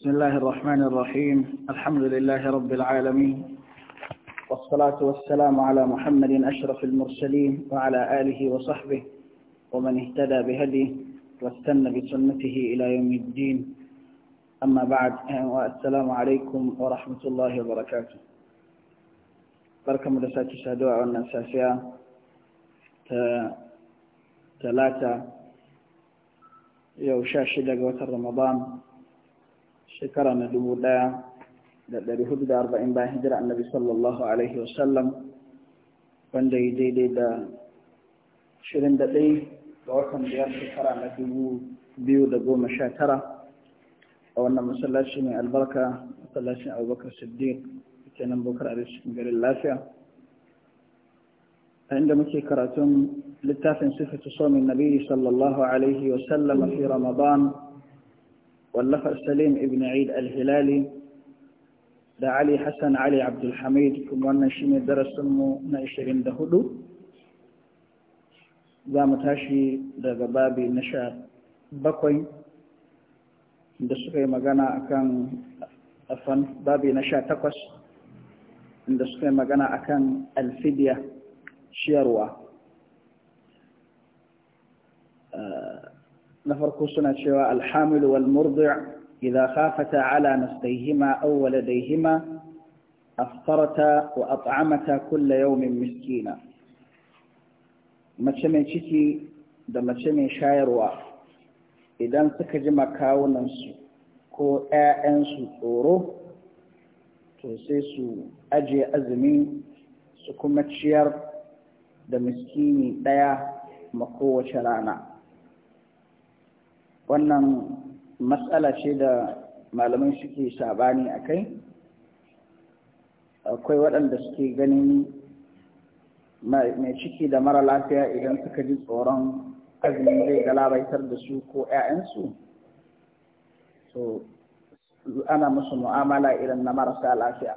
بسم الله الرحمن الرحيم الحمد لله رب العالمين والصلاة والسلام على محمد أشرف المرسلين وعلى آله وصحبه ومن اهتدى بهديه واستنى بسنته إلى يوم الدين أما بعد والسلام عليكم ورحمة الله وبركاته بركة مدساتي سادوع والنساسية ثلاثة يوشاشدة قوة رمضان شكرا ندمو لا دادري حدود أربعين باهجرة النبي صلى الله عليه وسلم فاندهي دي دي دا شرين دادي وقم ديان شكرا ندمو بيو دقو مشاكرة وانا مسلا شمي البركة مسلا شمي أبو بكر الصديق كان أبو بكر عليه الشكم قال اللافع فعند مكي صوم النبي صلى الله عليه وسلم في رمضان واللفع سليم ابن Al-Hilali da Ali Hassan Ali Abdulhamid kuma wannan shine darasinmu na 24 za mu tashi daga babi na sha bakwai da suka magana akan babi na sha takwas da suka yi magana akan alfidiya ciyarwa na farko suna cewa alhamilu wal murdi' idza khafata ala nafsayhima aw waladayhima aftarata wa at'amata kulla yawmin miskina mace mai ciki da mace mai shayarwa idan suka ji makawunansu ko 'ya'yansu tsoro to sai su ajiye azumi su kuma ciyar da miskini ɗaya ma kowace rana wannan matsala ce da malamai suke sabani a kai akwai waɗanda suke ganin mai ciki da mara lafiya idan suka ji tsoron azumi zai galabaitar da su ko 'ya'yansu so ana musu mu'amala irin na marasa lafiya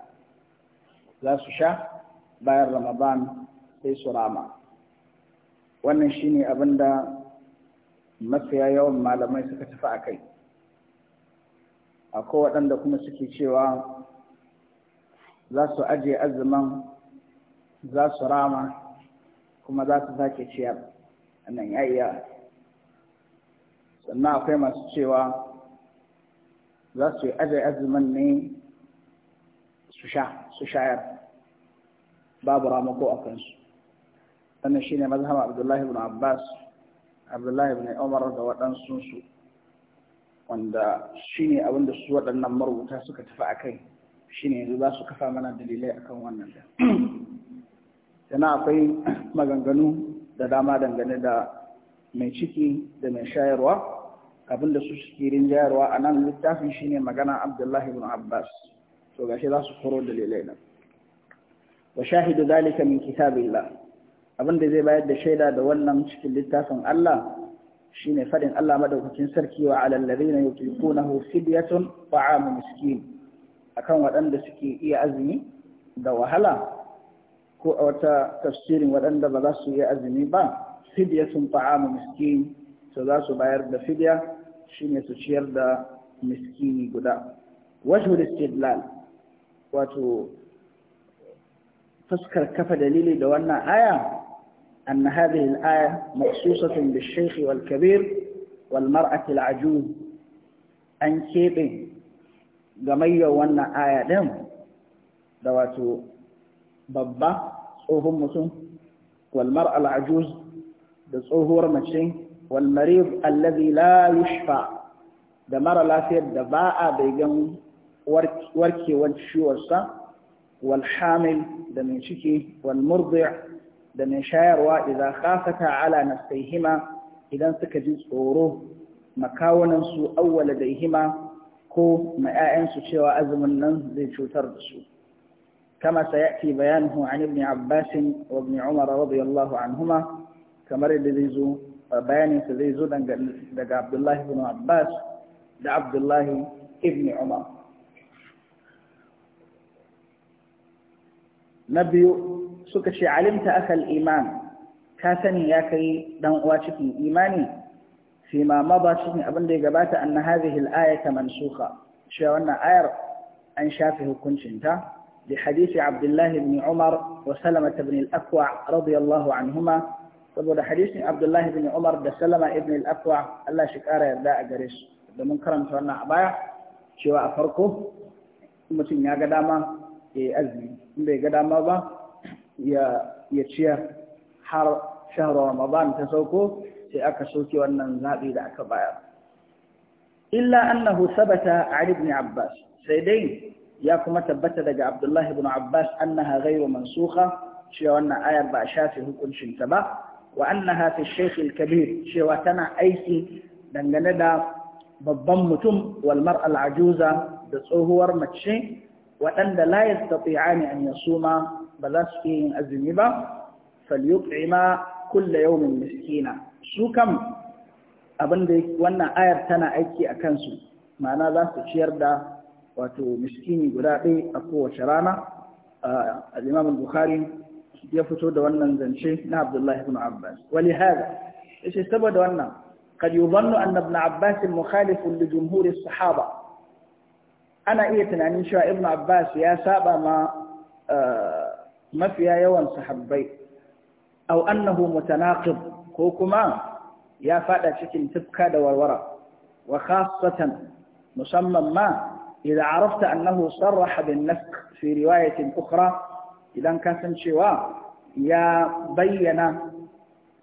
za su sha bayan ramadan sai su rama wannan shine abin da mafiya yawan malamai suka tafi a kai akwai waɗanda kuma suke cewa za su ajiye azumin za su rama kuma za su sake ciyar nan yayya sannan akwai masu cewa za su yi ajiye azumin ne su sha su shayar babu ramako a kansu wannan shine mazhab abdullahi ibn abbas abdullahi ibn umar da waɗansunsu wanda shi ne abin da su waɗannan marubuta suka tafi a kai shi yanzu za su kafa mana dalilai akan wannan da yana akwai maganganu da dama dangane da mai ciki da mai shayarwa Abinda da su suke rinjayarwa a nan littafin shi ne magana abdullahi ibn abbas to gashi za su koro dalilai nan wa shahidu dalika min kitabillah abin da zai bayar da shaida da wannan cikin littafin Allah shine faɗin Allah madaukakin sarki wa alal ladina yutiqunahu fidyatun ta'amu miskin akan waɗanda suke iya azumi da wahala ko a wata tafsirin waɗanda ba za su iya azumi ba fidyatun ta'amu miskin to za su bayar da fidya shine su ciyar da miskini guda wajhul istidlal wato fuskar kafa dalili da wannan aya أن هذه الآية مخصوصة بالشيخ والكبير والمرأة العجوز أن شيطين جميع وأن آية دم دوات بابا صوهم مسوم والمرأة العجوز بصوهور مجسين والمريض الذي لا يشفى دمر لا سيد دباء بيجن وركي وانشوصة والحامل دمين والمرضع da mai shayarwa idan khafata ala hima idan suka ji tsoro makawunan su awwala hima ko ma ƴaƴansu cewa azumin nan zai cutar da su kama sayati bayanuhu an ibn Abbas wa ibn Umar radiyallahu anhuma kamar da zai zo bayanin sa zai zo daga Abdullah ibn Abbas da Abdullah ibn Umar na biyu suka ce alimta akal iman ka sani ya kai dan uwa cikin imani fi ma maba cikin abin da ya gabata anna hadhihi al-ayata mansukha cewa wannan ayar an shafe hukuncinta da hadisi abdullahi ibn Umar wa Salama ibn al-Aqwa radiyallahu anhuma saboda hadisin abdullahi ibn Umar da Salama ibn al-Aqwa Allah shi kara yarda a gare da mun karanta wannan a baya cewa a farko mutum ya ga dama ya yi azumi in bai ga dama ba ya ciyar har shahar Ramadan ta sauko sai aka soke wannan zaɓi da aka bayar. Illa annahu sabata a ibn Abbas, sai dai ya kuma tabbata daga Abdullahi ibn Abbas annaha ghairu mansuha cewa wannan ayar ba a shafe hukuncinta ba wa annaha fi sheikh al-kabir cewa tana aiki dangane da babban mutum wal mar'a al-ajuza da tsohuwar mace waɗanda la yastati'ani an yasuma ba za su iya yin azumi ba ma. kulla yawmin miskina su kam abinda wannan ayar tana aiki a kansu ma'ana za su ciyar da wato miskini guda ɗaya a kowace rana al-imam bukhari ya fito da wannan zance na abdullahi ibn abbas wali hada yace saboda wannan kad yubannu anna ibn abbas mukhalifun li jumhur sahaba ana iya tunanin cewa ibn abbas ya saba ma eh, ما في يوان صحبي أو أنه متناقض كوكما يا فادا شكل تبكى دوار وخاصة مسمى ما إذا عرفت أنه صرح بالنسخ في رواية أخرى إذا كان شواء يا بينا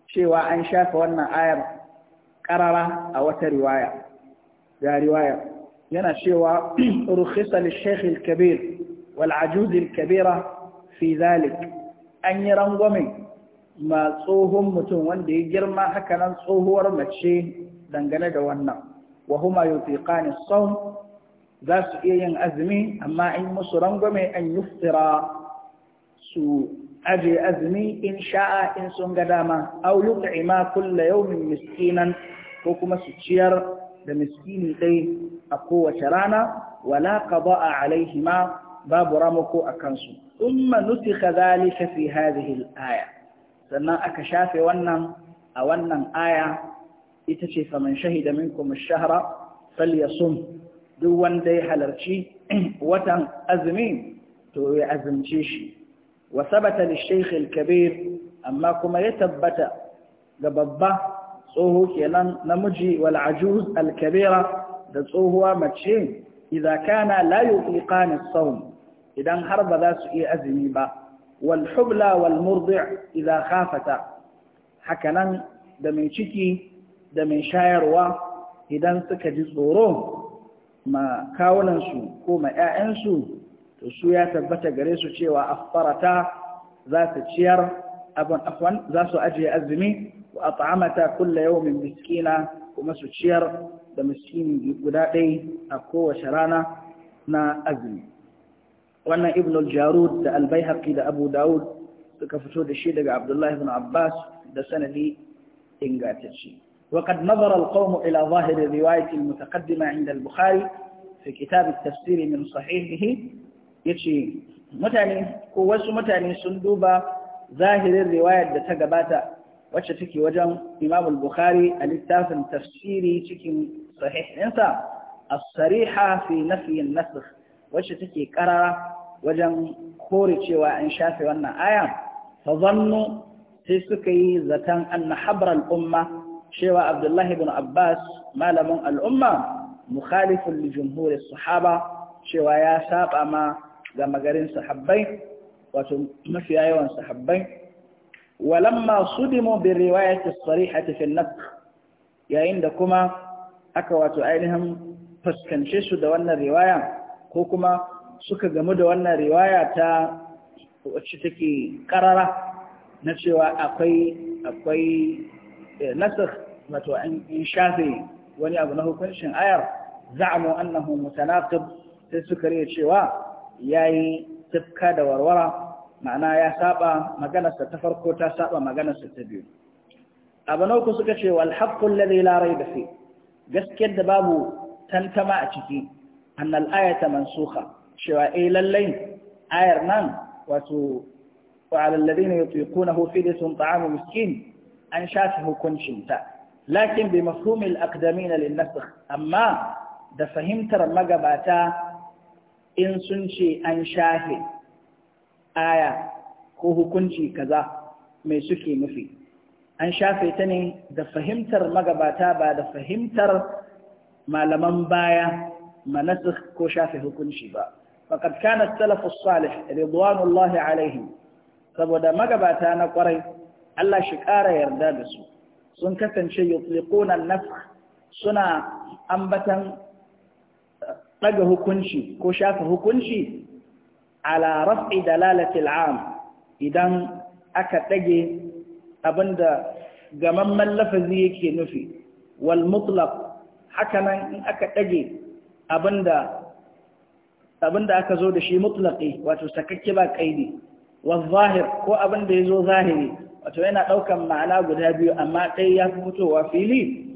شواء أن شاف وأن آير كررة أو ترواية يا رواية هنا شواء رخص للشيخ الكبير والعجوز الكبيرة fi zalik an yi ma tsohon mutum wanda ya girma hakanan tsohuwar mace dangane da wannan wa huma yutiqani sawm za su iya yin azumi amma in musu rangwame an yuftira su aje azumi in sha'a in sun ga dama aw yut'ima kulla yawmin miskinan ko kuma su ciyar da miskini dai a kowace rana wala qada'a alaihima babu ramako akan su ثم نسخ ذلك في هذه الآية سنة أكشاف ونم أونم آية إتشي فمن شهد منكم الشهر فليصم دون دي حلرشي وتن أزمين توي أزمتيشي وثبت للشيخ الكبير أما كما يتبت قبضة صوه كينا نمجي والعجوز الكبيرة تصوه متشين إذا كان لا يطلقان الصوم idan har ba za su iya azumi ba wal hubla wal murdi' idza khafata hakanan da mai ciki da mai shayarwa idan suka ji tsoro ma kawunansu ko ma 'ya'yansu to su ya tabbata gare su cewa affarata za su ciyar abin afwan za su ajiye azumi wa at'amata kulla yawmin miskina kuma su ciyar da miskini guda ɗaya a kowace rana na azumi wannan ibn al-jarud da al-baihaqi da abu dawud suka fito da shi daga abdullahi ibn abbas da sanadi ingantacce وقد نظر القوم ila ظاهر الرواية المتقدمة عند البخاري في كتاب التفسير من صحيحه يتشي mutane ko wasu mutane sun duba zahirin riwayar da ta gabata wacce take wajen Imam al-Bukhari a littafin tafsiri cikin sahihinsa as-sariha fi nafyi an-nasakh wacce take karara wajen kore cewa an shafe wannan aya fa zannu sai suka yi zaton anna habral umma cewa abdullahi ibn abbas malamin al'umma mukhalifun li jumhur sahaba cewa ya saba ma ga magarin sahabbai wato mafi yawan sahabbai walamma sudimu bi riwayati sarihati fi an-nasakh yayin da kuma aka wato ainihin fuskance su da wannan riwaya ko kuma suka gamu da wannan riwaya ta wacce take karara na cewa akwai akwai eh, nasar wato an shafe wani abu na hukuncin ayar za'amu annahu mutanaqib sai suka riya cewa yayi tafka da warwara ma'ana ya saba maganarsa ta farko ta saba maganarsa ta biyu abu na uku suka ce wal haqqul ladhi la rayba fi gaskiyar da babu tantama a ciki annal ayata mansukha cewa eh lallai ayar nan wato wa alal ladina yutiqunahu sun ta'amu miskin an shafi hukuncinta. lakin bai mafhum al na lin amma da fahimtar magabata in sun ce an shafe aya ko hukunci kaza mai suke nufi an shafe ta ne da fahimtar magabata ba da fahimtar malaman baya manasik ko shafe hukunci ba faqad kana as salih ridwanullahi alaihim saboda magabata na kwarai Allah shi ƙara yarda da su sun kasance yutliquna an-nafkh suna ambatan daga hukunci ko shafe hukunci ala raf'i dalalatil am idan aka dage abinda gamamman lafazi yake nufi wal mutlaq hakanan in aka dage abinda abinda aka zo da shi mutlaqi wato sakakke ba kaidi wa zahir ko abinda yazo zahiri wato yana daukan ma'ana guda biyu amma dai ya fi fitowa fili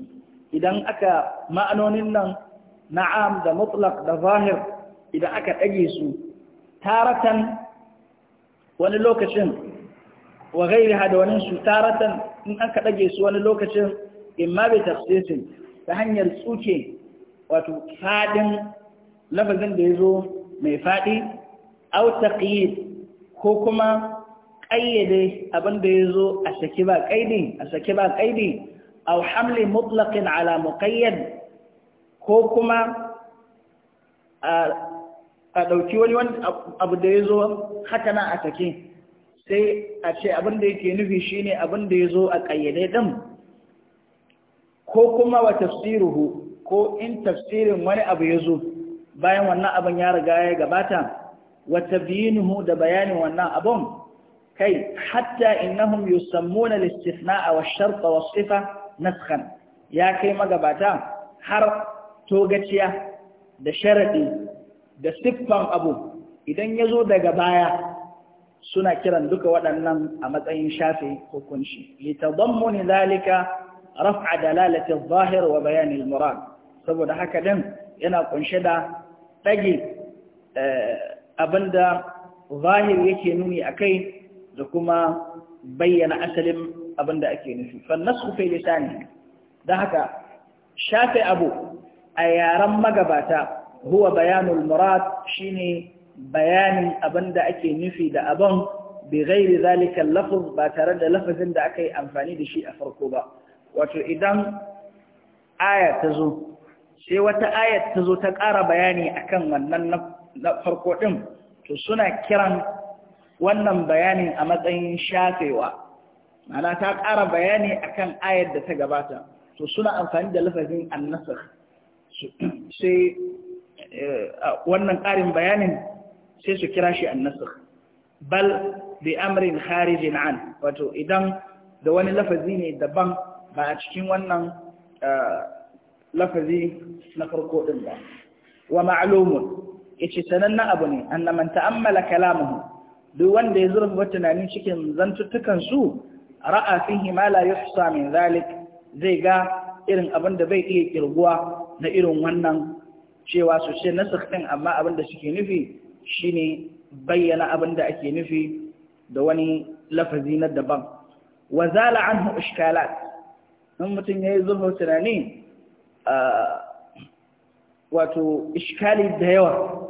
idan aka ma'anonin nan na'am da mutlaq da zahir idan aka dage su taratan wani lokacin wa gairiha da wani su taratan in aka dage su wani lokacin imma bi tafsirin ta hanyar tsuke wato faɗin, lafazin da ya zo mai faɗi. au taqyid ko kuma ƙayyade abin da ya zo a saki ba ƙaidi a saki ba ƙaidi au hamli mutlaqin ala muqayyad ko kuma a ɗauki wani abu da ya zo haka a saki sai a ce abin da yake nufi shine abin da ya zo a ƙayyade ɗin ko kuma wa tafsiruhu ko in tafsirin wani abu ya zo bayan wannan abin ya riga ya gabata wata tabyinuhu da bayanin wannan abun kai hatta innahum yusammuna al-istithna'a wa ash wa sifa naskhan ya kai magabata har togaciya da sharadi da siffan abu idan ya zo daga baya suna kiran duka waɗannan a matsayin shafe hukunci litadammuni zalika raf'a dalalati adh-dhahir wa bayan al saboda haka ɗin, yana kunshe da ɗage eh, abinda zahir yake nuni a kai da kuma bayyana asalin abinda ake nufi fannasu fi lisani don haka shafe abu a yaren magabata huwa bayanul murad shine bayanin abinda ake nufi da abin bi ghairi zalikan lafz ba tare da lafazin da aka yi amfani da shi a farko ba wato idan aya ta zo sai wata ayat ta zo ta ƙara bayani akan wannan na farko ɗin to suna kiran wannan bayanin a matsayin shafewa mana ta ƙara bayani akan ayat da ta gabata to suna amfani da lafazin annasar sai eh, wannan ƙarin bayanin sai su kira shi annasar bal bi amrin kharijin an wato idan da wani lafazi ne daban ba a cikin wannan eh, lafazi na farko din ba wa ma'lumun yace sanannen abu ne annaman ta'ammala kalamuhu duk wanda ya zurfa tunanin cikin zantuttukan su ra'a fihi ma la yuhsa min zalik zai ga irin abin da bai iya kirguwa na irin wannan cewa su ce nasakh din amma abin da suke nufi shine bayyana abin da ake nufi da wani lafazi na daban wa zala anhu ishkalat in mutum yayi zurfa tunani wato Ishkali da yawa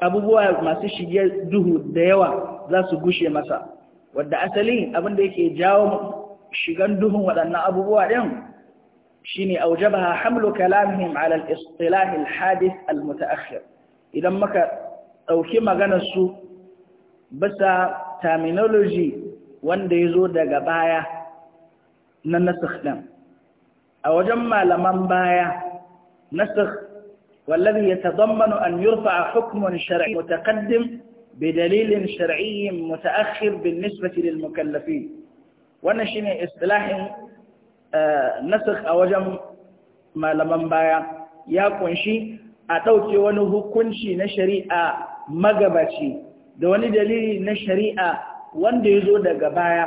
abubuwa masu shige duhu da yawa za su gushe masa wadda asali abinda yake jawo shigan duhu waɗannan abubuwa ɗin shine ne hamlu kalamihim ala kalamin istilah al-hadith al-mutaakhir idan maka ɗauki maganarsu su bisa terminology wanda ya zo daga baya na nasakh ɗin أوجم wajen malaman baya nasakh والذي يتضمن أن يرفع حكم شرعي متقدم بدليل شرعي متأخر بالنسبة للمكلفين ونشين إصطلاح آه، نسخ أوجم ما لمن بايا يا كونشي أتوتي ونه كونشي نشريئة آه، مغبتي دوني دليل نشريئة آه، wanda ya غبايا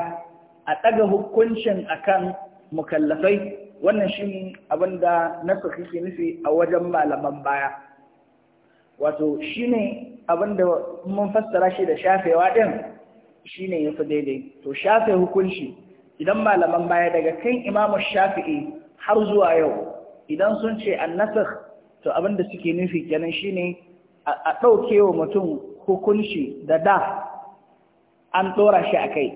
daga كونشن أكان مكلفين wannan shi abinda nasa suke nufi a wajen malaman baya wato shi ne abinda mun fassara shi da shafewa ɗin shi ne ya fi daidai to shafe hukunci idan malaman baya daga kan imamu shafi'i har zuwa yau idan sun ce annasar to abinda suke nufi kenan shi ne a ɗauke wa mutum hukunci da da an ɗora shi a kai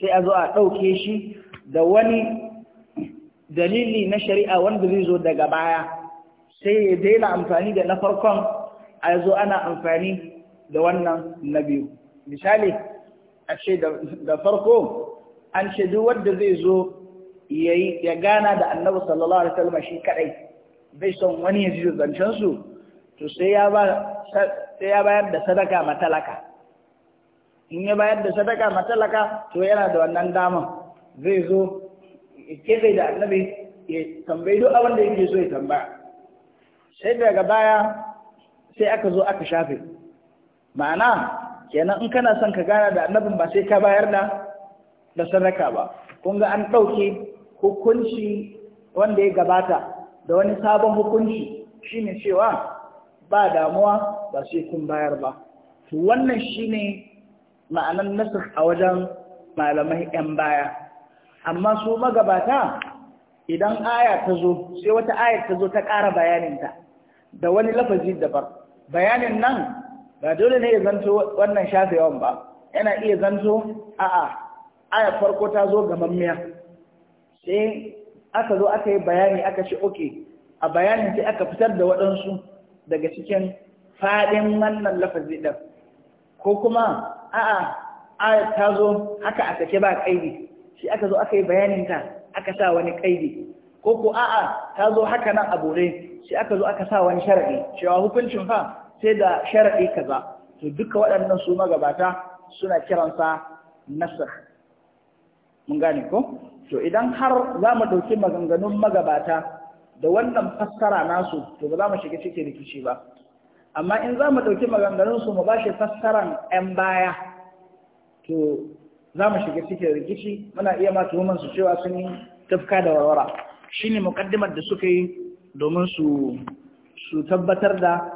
sai a zo a ɗauke shi da wani dalili na shari'a wanda zai zo daga baya sai ya daina amfani da na farkon a zo ana amfani da wannan na biyu misali a ce da farko an ce duk wanda zai zo yayi ya gana da annabi sallallahu alaihi wasallam shi kadai bai son wani ya ji zancen su to sai ya ba sai ya bayar da sadaka matalaka in ya bayar da sadaka matalaka to yana da wannan dama zai zo kebe da annabi ya tambayi duk abin da yake so ya tambaya sai daga baya sai aka zo aka shafe ma'ana kenan in kana son ka gana da annabin ba sai ka bayar da da sadaka ba kun ga an ɗauke hukunci wanda ya gabata da wani sabon hukunci shi shine cewa ba damuwa ba sai kun bayar ba wannan shi ne ma'anan nasir a wajen malamai 'yan baya amma su magabata idan aya ta zo sai wata aya ta zo ta ƙara bayaninta da wani lafazi dabar. bayanin nan ba dole ne ya zanto wannan shafe yawan ba yana iya zanto a'a aya farko ta zo ga mamiya, sai aka zo aka yi bayani aka ce oke a bayanin sai aka fitar da waɗansu daga cikin faɗin wannan lafazi ɗin ko kuma a'a aya ta zo haka a sake ba ƙaidi shi aka zo aka yi bayanin ta aka sa wani kaidi ko ko a'a ta zo haka nan a bore shi aka zo aka sa wani sharadi cewa hukuncin fa sai da sharadi kaza to duka waɗannan su magabata suna kiransa nasakh mun gane ko to idan har za mu ɗauki maganganun magabata da wannan fassara nasu to ba za mu shiga cikin rikici ba amma in za mu ɗauki maganganunsu mu ba shi fassaran ‘yan baya to za mu shiga cikin rikici muna iya ma tuhuman su cewa sun yi tafka da warwara shine mukaddimar da suka yi domin su tabbatar da